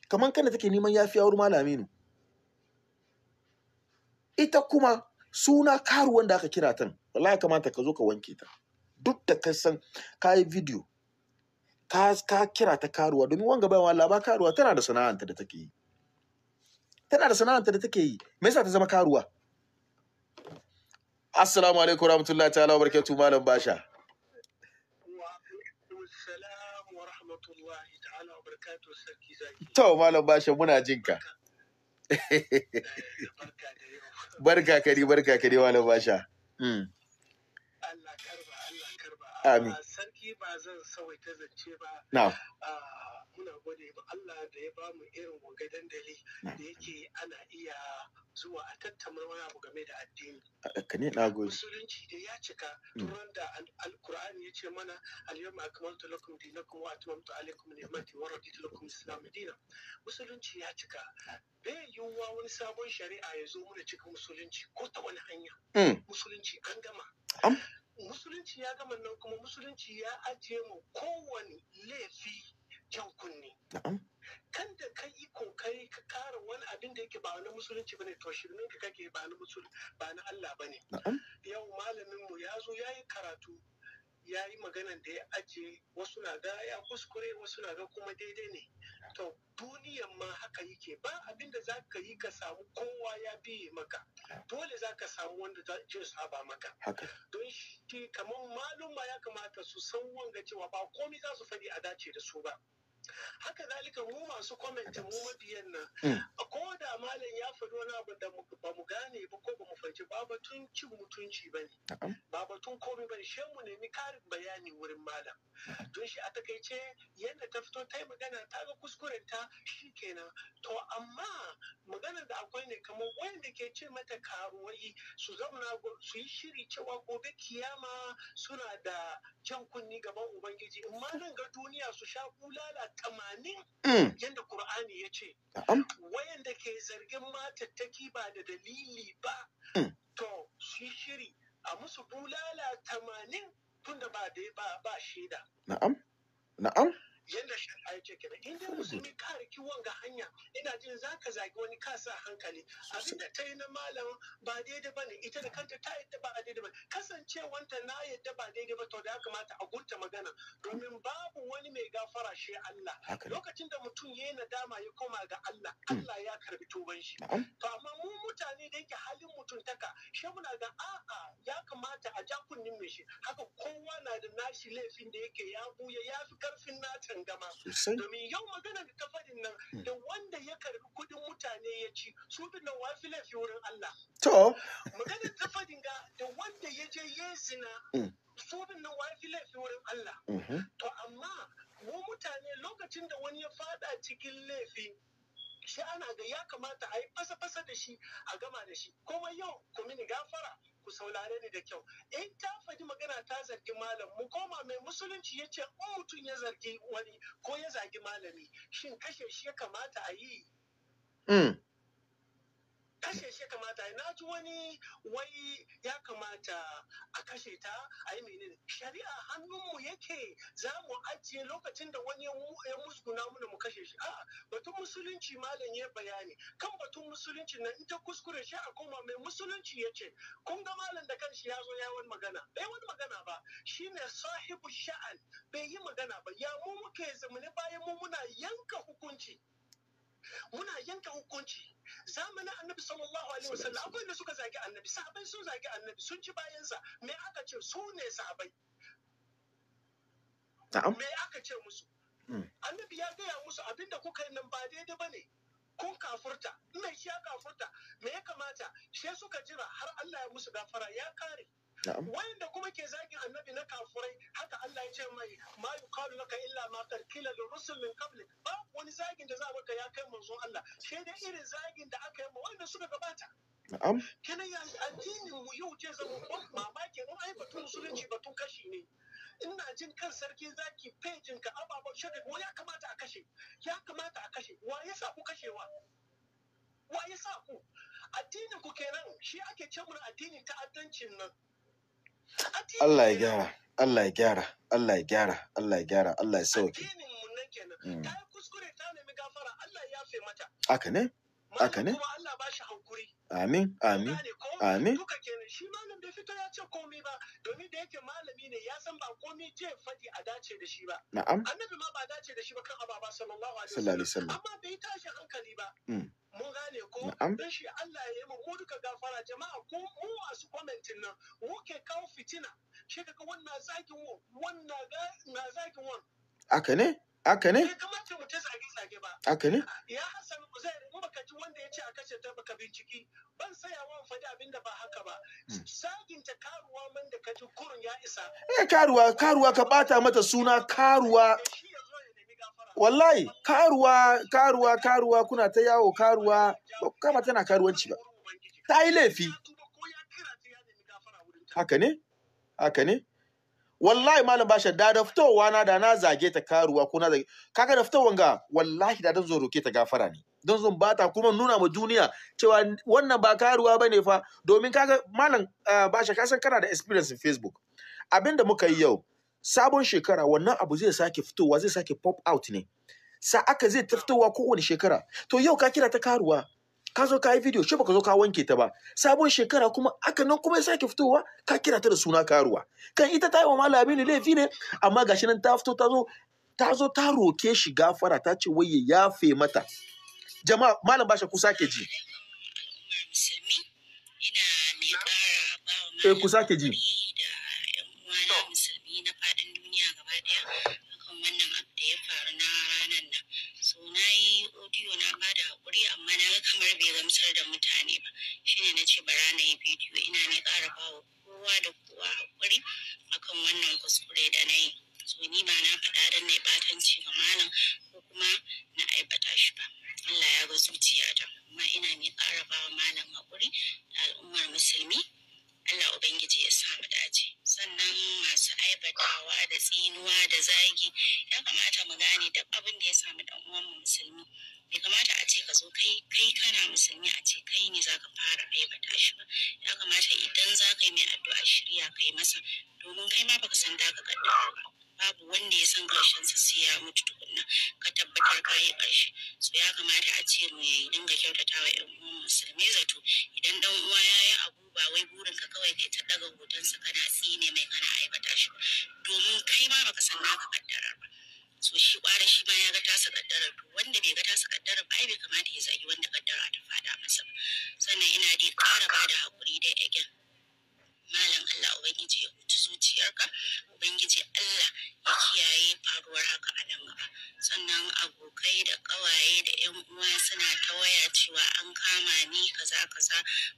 kamar kanda take neman yafiya wurin malami ne ita kuma suna karu wanda aka kira tan wallahi kamata ka zo ka wanke ta duk da ka san ka yi video ka ka kira ta karuwa domin wanga bai wallahi ba karuwa tana da sana'anta da take yi tana da sana'anta da take yi me yasa ta zama karuwa Assalamu alaikum warahmatullahi ta'ala wa barakatuh malam Basha. To malam Basha muna jinka. <laughs> Barka kari barka kari malam Basha. Mm. Allah karba Allah karba. Amin. Sarki ba zan sawaita zance ba. Na'am. Ah, muna gode ba Allah da ya bamu irin wanga dandali da yake ana iya zuwa a tattamar wani abu game da addini. Ka ne nagode. Musulunci da ya cika turan hmm. da Alkur'ani ya ce mana al-yawma akmaltu lakum dinakum wa atmamtu alaykum ni'mati wa raditu lakum islam dina. Musulunci ya cika. Bai yiwuwa wani sabon shari'a ya zo mana cikin musulunci ko ta wani hanya. Hmm. Musulunci an gama. Musulunci ya gama nan kuma musulunci ya ajiye mu kowane laifi jan kunne kan da ka yi kokari ka kara wani abin da yake ba na musulunci bane to shirmin ka kake ba na musulunci ba na Allah bane yau malamin mu ya zo ya yi karatu ya yi maganan da ya ajiye wasu na ga ya kuskure wasu na ga kuma daidai ne to duniyan ma haka yake ba abin da za ka yi ka samu kowa ya biye maka dole za ka samu wanda zai saba maka don shi kamar malum ya kamata su san wanga cewa ba komi za su faɗi a dace da su ba haka zalika mu masu komenta mu mabiyan nan mm. ko da malam ya faɗo na abu da ba mu gane ba ko ba mu fahimci ba batun cin mutunci ba ne ba batun komai ba ne shi mu nemi karin bayani wurin malam don shi a takaice yadda ta fito ta yi magana ta ga kuskuren ta shi kenan to amma maganar da akwai ne kamar wanda ke ce mata karuwai su zauna su yi shiri cewa gobe kiyama suna da jan kunni gaban ubangiji in ga duniya su sha bulala tamanin mm. yadda Kur'ani ya ce, wayanda ke zargin matattaki ba da dalili ba, mm. to shi shiri a musu bulala tamanin tunda ba ba shaida. Na'am, na'am. yadda shari'a ya ce kenan in dai musulmi ka riki wanga hanya ina jin za ka zagi wani ka sa hankali abinda ta yi na malam ba daidai ba ne ita da kanta ta yadda ba daidai ba kasancewanta na yadda ba daidai ba to da ya kamata a gurta magana domin babu wani mai gafara shi Allah lokacin da mutum ya yi nadama ya koma ga Allah hmm. Allah ya karbi tuban shi to amma mu mutane da yake halin mutuntaka shi muna ga a'a ya kamata a ja kunnin mai shi haka kowa na da nashi laifin da yake ya buya ya fi karfin nata gangama domin yau magana da ta faɗin nan hmm. da wanda ya karbi kudin mutane ya ci su din na wafi laifi wurin Allah to magana ta faɗin ga da wanda ya je yezina hmm. su din na wafi laifi wurin Allah mm-hmm. to amma mu mutane lokacin da wani ya fada cikin laifi shi ana ga ya kamata a yi fasa-fasa da shi a gama da shi kuma yau ku mini gafara ku saulare ni da kyau in ta faɗi magana ta zargi malam mu koma mai musulunci ya ce in mutum ya zargi wani ko ya zagi malami shin kashe shi ya kamata a yi mm. kashe shi kamata na ji wani wai ya kamata a kashe ta a yi menene shari'a hannunmu yake za mu ajiye lokacin da wani ya musguna muna mu kashe shi a'a batun musulunci malam ya bayani kan batun musulunci na ita kuskure shi a koma mai musulunci ya ce kun ga malam da kanshi ya zo ya wani magana bai wani magana ba shi ne sahibu sha'an bai yi magana ba ya mu muke zamani bayan mu muna yanka hukunci muna yanka hukunci zamanin annabi sallallahu alaihi wasallam akwai da suka zagi annabi sahabai sun zagi annabi sun ci bayansa me aka ce su ne sahabai me aka ce musu hmm. annabi ya gaya musu abinda kuka yi nan ba daidai ba ne kun kafurta ina shi ya kafurta me ya kamata shi suka jira har Allah ya musu gafara ya kare wanda kuma ke zagin annabi na kafurai haka Allah ya ce mai ma yuqalu laka illa ma qad qila lir rusul min ba wani zagin da za baka ya kai manzon Allah sai dai irin zagin da aka yi ma wanda suka gabata Na'am. Kenan ya addinin mu yau ce zama ba ke mun ai batun musulunci batun kashi ne. Ina jin kan sarki zaki fejin ka ababen shaka ya kamata a kashe. Ya kamata a kashe. Wa ya sa ku kashewa? Wa ya sa ku? Addinin ku kenan shi ake ce addini addinin ta'addancin nan. Allah ya gyara Allah ya gyara Allah ya gyara Allah ya gyara Allah ya sauke mm. haka ne haka ne amin amin amin shi malam bai fito ya ce komai ba domin da yake malami ne ya san ba komai je faɗi a dace da shi ba na'am annabi ma ba dace da shi ba kan ababa sallallahu alaihi wasallam amma bai tashi hankali ba mm. mun gane ko dan shi Allah ya yi mu mu duka gafara jama'a ko mu masu commenting nan muke kawo fitina shi kaga wannan zakin wannan ga na zakin wannan Aka ne aka ne mu ta zage-zage ba. Aka ne ya hasan zai in baka ji wanda ya ce a kashe ta baka binciki ban saya tsayawa faɗi abin da ba haka ba sagin hmm. ta karuwa man da ka ji kurun ya isa eh karuwa karuwa ka bata mata suna karuwa wallahi karuwa karuwa karuwa kuna ta yawo karuwa ba ku kama tana karuwanci ba ta yi laifi haka ne haka ne wallahi malam bashi da da fitowa na da na zage ta karuwa ko na zage kaga da fitowan ga wallahi da dan zo roke ta gafara ne don zan bata kuma nuna ma duniya cewa wannan ba karuwa bane fa domin kaga malam ah, bashi ka san kana da experience in Facebook abinda muka yi yau sabon shekara wannan abu zai sake fitowa zai sake pop out ne sa aka zai ta fitowa kowane shekara to yau ka kira ta karuwa ka zo ka yi video shi baka zo ka wanke ta ba sabon shekara kuma aka nan kuma ya sake fitowa ka kira ta da suna karuwa kan ita ta yi wa malami ne laifi ne amma gashi nan ta fito ta zo ta zo ta roke shi gafara ta ce waye ya fe mata jama'a malam basha ku sake ji eh ku sake ji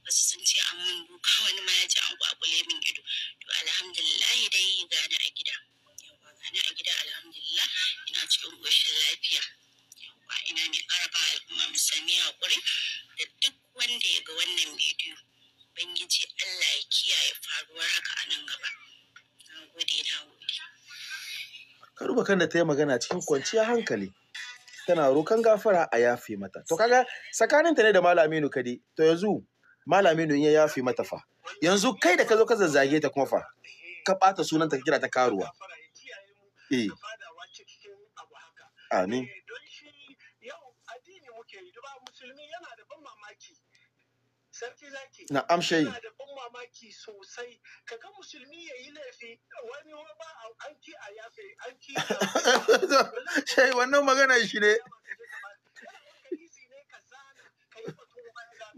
wasu sun ce an mun duka wani ma ya ji an kwakule min ido to alhamdulillahi dai gani a gida yawa gani a gida alhamdulillah ina cikin ƙoshin lafiya yawa ina mai karaba kuma mu sami hakuri da duk wanda ya ga wannan bidiyo ubangiji Allah ya kiyaye faruwar haka a nan gaba na gode na gode karuba kan da ta yi magana cikin kwanciyar hankali tana rokan gafara a yafe mata to kaga tsakaninta ne da malami kadi to yanzu malamin ya yafi mata fa yanzu kai da ka zo ka zazzage ta kuma fa ka bata sunanta ka kira ta karuwa eh amin eh, sarki zaki na amshayi yana da ban mamaki sosai kaga musulmi ya yi laifi wani ba an ki a yafe an ki <laughs> shay wannan magana shi ne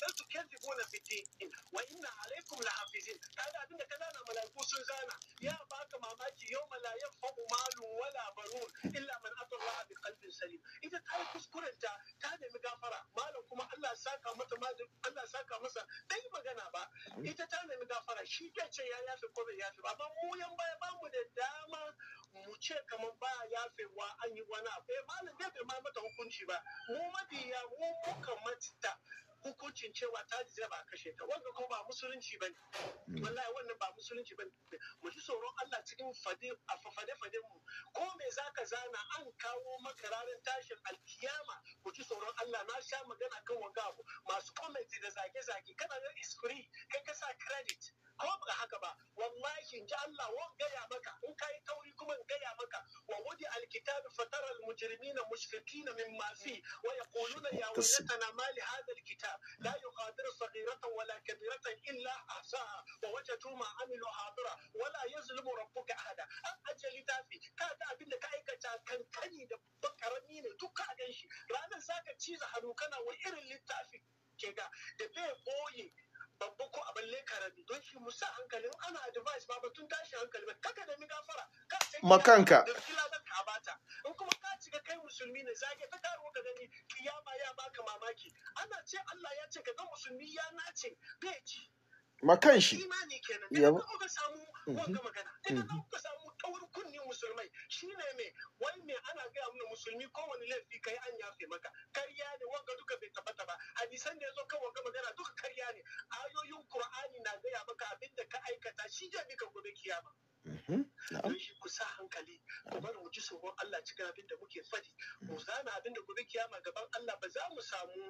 dan su kyanti gona fiti wa inna alaikum lahafizin kaga abinda na malaiku sun zana ya baka mamaki yau la yanfa'u malun wala banun illa man atallaha bi qalbin salim ita ta yi kuskurenta ta nemi gafara malam kuma Allah saka mata Allah saka masa dai magana ba ita ta nemi gafara shi ke ce ya yafe ko bai yafe ba amma mu yan baya ba mu da dama mu ce kamar ba yafewa an yi wani abu eh malam bai ma mata hukunci ba mu mabiya mu muka mata hukuncin cewa ta jira ba kashe ta wannan kuma ba musulunci ba ne hmm. wallahi wannan ba musulunci ba ne mu ji tsoron Allah cikin fade a fade fade mu ko me zaka zana an kawo maka ranar tashin alkiyama ku ji tsoron Allah na sha magana kan wanga masu comment da zage zage kana da is free kai ka sa credit Ko ba haka ba wallahi in ji Allah wan gaya maka in kai tauri kuma in gaya maka wa wudi alkitab fatara almujrimin mushfiqin mimma fi wa yaquluna ya waylatana ma li hadha alkitab la yuqadiru saghiratan wala kabiratan illa ahsaha wa wajatu ma amilu hadira wala yazlimu rabbuka ahada an ajali tafi ka da abinda ka aikata kankani da bakarami ne duk ka ganshi ranar saka ciza hadu kana wa irin littafi ke ga da bai boye babba ko a balle karatu don shi musa hankalin ana advice ba batun tashi hankali ba kaka da mi gafara ka sai makanka in kuma ka ciga kai musulmi ne zage ta karo ka gani kiyama ya baka mamaki ana ce Allah ya ce ka ga musulmi ya nace bai ci makan shi imani kenan ka samu mhm. wannan magana ka samu kawar kunnin musulmai shine me wai me ana gaya mana musulmi kowane laifi kai an yafe maka karya ne wanga duka bai tabbata ba hadisan da yazo kan wanga magana duka karya ne ayoyin qur'ani na gaya maka abinda ka aikata shi je ka gobe kiyama Mhm. Don shi ku sa hankali, ku bar mu ji tsoron Allah cikin abin da muke fadi, mu mm. zana abin da gobe kiyama gaban Allah ba za mu samu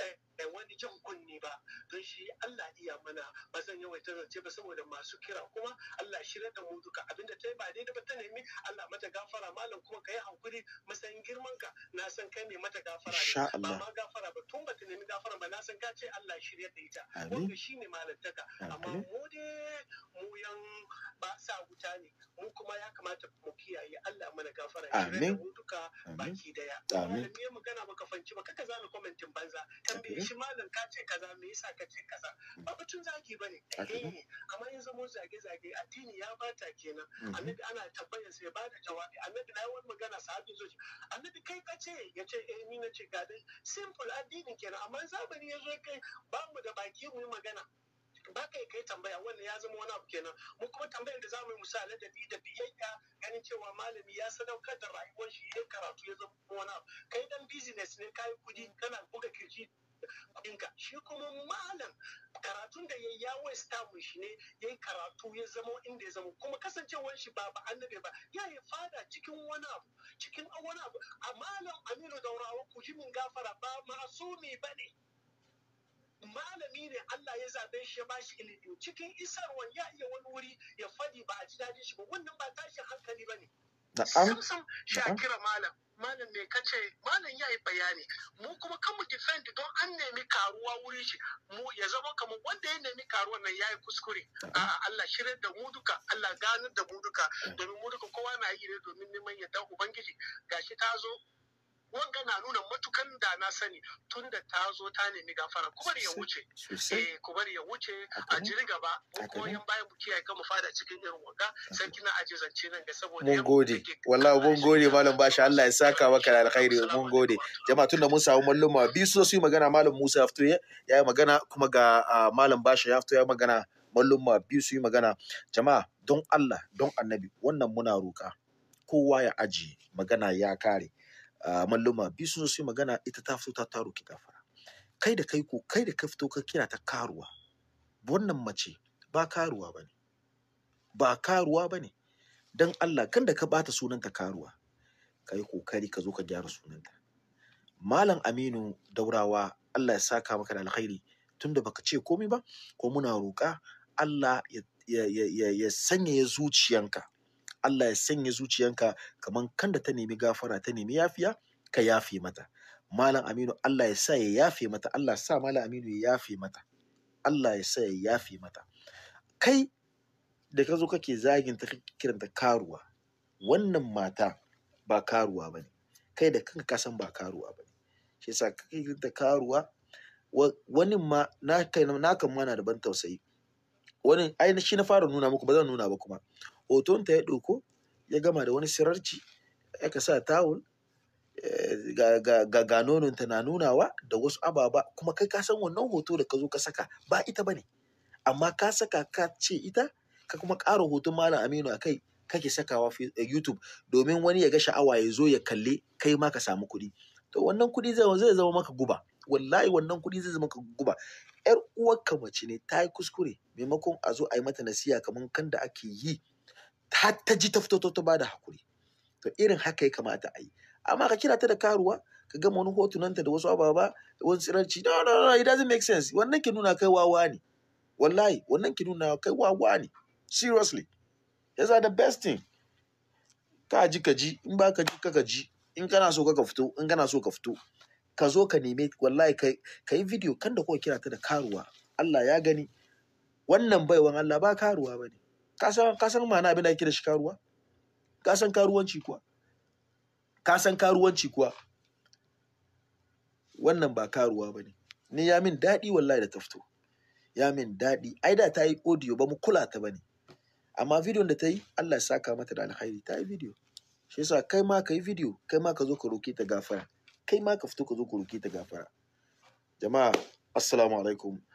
eh, wani jan kunni ba don shi Allah iya mana ba zan yawaita zance ba saboda masu kira kuma Allah shirya da mu duka abinda ta yi ba daidai ba ta nemi Allah mata gafara malam kuma ka yi hankuri masan girman ka na san kai mai mata gafara ne ba ma gafara ba tun ba ta nemi gafara ba na san ka ce Allah shirya da ita wanda shi ne malantaka amma mu dai mu yan ba sa wuta ne mu kuma ya kamata mu kiyaye Allah mana gafara da duka baki daya amin me magana baka fanci ba kaka zana commentin banza tambaye shi malam ka ce kaza me yasa ka ce kaza hmm. ba batun zaki bane eh amma yanzu mu zage zage addini ya bata kenan hmm. annabi ana tabbayar sai ba da jawabi annabi na wani magana sahabi zo annabi kai ka ce ya ce eh ni na ce ga dai simple addini kenan amma zamani ya zo kai ba mu da baki mu yi magana ba yi kai tambaya wannan ya zama wani abu kenan mu kuma tambayar da zamu yi misali da bi da biyayya ganin cewa malami ya sadaukar da rayuwar shi ya karatu ya zama wani abu kai dan business ne kai kudi kana buga kirji kudinka shi kuma malam karatun da yayi ya wasta mu shi ne ya karatu ya zama inda ya zama kuma kasancewar shi ba ba annabi ba ya yi fada cikin wani abu cikin wani abu a malam aminu daurawa ku ji min gafara ba masumi ba ne malami ne Allah ya zabe shi ya bashi ilimi cikin isarwa ya iya wani wuri ya fadi ba a ji dadin shi ba wannan ba tashin hankali ba ne. Samsam Shakira malam malam ne kace malam ya yi bayani mu kuma kan mu defend don an nemi karuwa wuri shi mu ya zama kamar wanda ya nemi karuwa nan ya yi kuskure a Allah shirin da mu duka Allah ganar da mu duka domin mu duka kowa na yi ne domin neman yadda ubangiji gashi ta zo wanga na nuna matukan da na sani tun da ta zo ta nemi gafara ku bari ya wuce eh ku bari ya wuce a jiri gaba Mun koyan bayan mu kiyaye kan mu fada cikin irin wanga sarki na aje zance nan ga saboda mun gode wallahi mun gode malam bashi Allah ya saka maka da alkhairi mun gode jama'a tunda mun samu malluma biyu su su yi magana malam Musa ya fito ya yi magana kuma ga malam bashi ya fito ya magana malluma biyu su yi magana jama'a don Allah don annabi wannan muna roka kowa ya aji magana ya kare malluma biyu sun su magana ita ta fito ta taro ki gafara kai da kai ko kai da ka fito ka kira ta karuwa wannan mace ba karuwa bane ba karuwa bane dan Allah kan da ka bata sunanta karuwa kai kokari ka zo ka gyara sunanta malam Aminu Daurawa Allah ya saka maka da alkhairi tunda baka ce komai ba ko muna roƙa Allah ya sanyaya zuciyanka Allah ya sanya zuciyanka kamar kan da ta nemi gafara ta nemi yafiya ka yafe mata malam aminu Allah ya sa ya yafe mata Allah sa malam aminu ya yafe mata Allah ya sa ya yafe mata kai da ka zo kake zagin ta kiranta karuwa wannan mata ba karuwa ba ne kai da kanka ka san ba karuwa ba ne shi yasa kake kiranta karuwa wani ma na kan mana da ban tausayi wani ai shi na fara nuna muku ba zan nuna ba kuma Hoton ta ya ɗauko ya gama da wani sirarci aka sa tawul eh, ga ga na nunawa da wasu ababa kuma kai ka san wannan hoto da ka zo ka saka ba ita ba ne amma ka saka ka ce ita ka kuma ƙara hoton malam aminu a kai kake sakawa eh, youtube domin wani ya ga sha'awa ya zo ya kalle kai ma ka samu kuɗi to wannan kuɗi zai zama maka guba wallahi wannan kuɗi zai zama maka guba yar uwarka mace ne ta yi kuskure maimakon a zo a yi mata nasiha kamar kan da ake yi har ta ji ta fito ta bada hakuri to irin haka ya kamata a yi amma ka kira ta da karuwa ka gama wani hotunanta da wasu ababa da wasu tsiranci no no no it doesn't make sense wannan ki nuna kai wawa ne wallahi wannan ki nuna kai wawa ne seriously yasa the best thing ka ji ka ji in ba ka ji ka ji in kana so ka fito in kana so ka fito ka zo ka neme wallahi kai ka video kan da kuka kira ta da karuwa Allah ya gani wannan baiwan Allah ba karuwa bane ka san ma'ana abin da ake da shi karuwa ka san karuwanci kuwa ka san karuwanci kuwa wannan ba karuwa ba ne ni ya min daɗi wallahi da ta fito ya min daɗi ai da ta yi audio ba mu kula ta ba ne amma bidiyon da ta yi Allah ya saka mata da alkhairi ta yi bidiyo shi yasa kai ma ka yi bidiyo kai ma ka zo ka roke ta gafara kai ma ka fito ka zo ka roke ta gafara jama'a assalamu alaikum